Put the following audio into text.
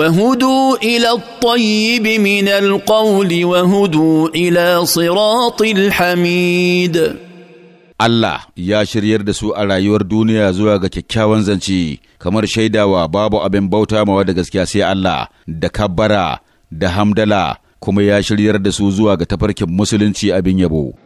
وهدوا الى الطيب من القول وهدوا ila صراط الحميد Allah ya shiryar da su a rayuwar duniya zuwa ga kyakkyawan zance kamar shaidawa babu abin bauta mawa da gaskiya sai Allah da Kabara da hamdala kuma ya shiryar da su zuwa ga tafarkin musulunci abin yabo.